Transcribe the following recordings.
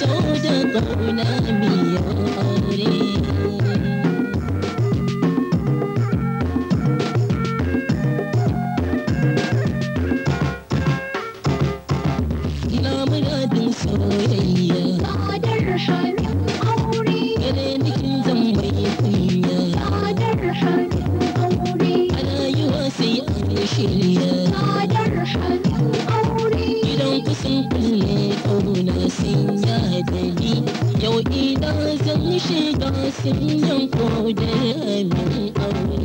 so da sun kulle ƙauna sun yadani yau idan zan shiga sun yanko da amin aure.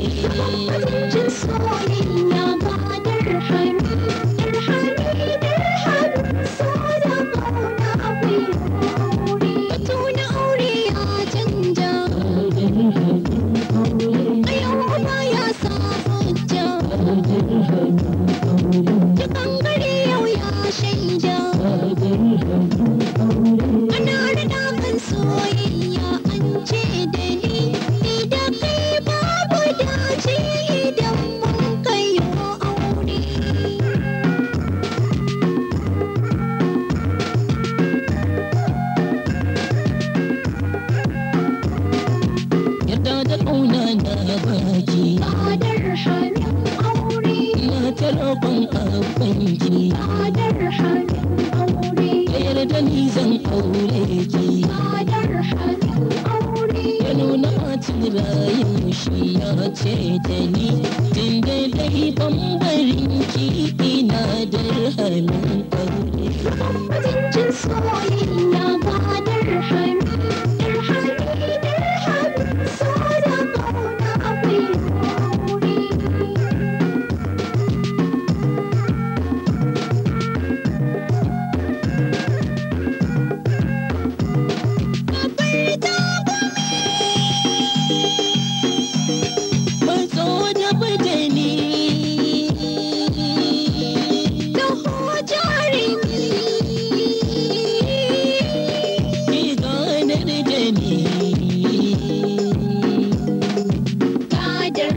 baki tsadar hannun aure na talabin abanki tsadar hannun aure ya yarda ni zan aure ki tsadar hannun aure ya nuna matin rayin shi ya ce da ni tun da dai bambarin ki ina da hannun aure bambarin jin soyayya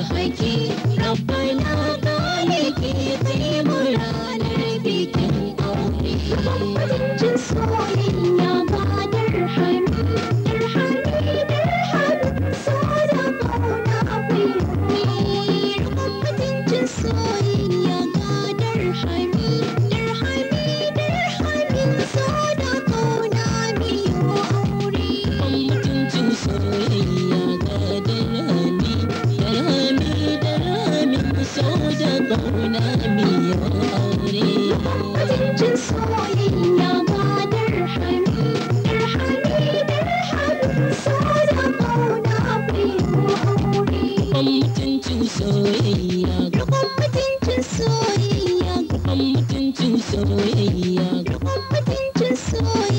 da haƙi rabbana maliki sai mu ranar bikin aure bambancin soyayya ganar hannu irhani da ƙauna akwai rumi bambancin soyayya soyayya gaban mutuncin soyayya gaban mutuncin soyayya gaban mutuncin soyayya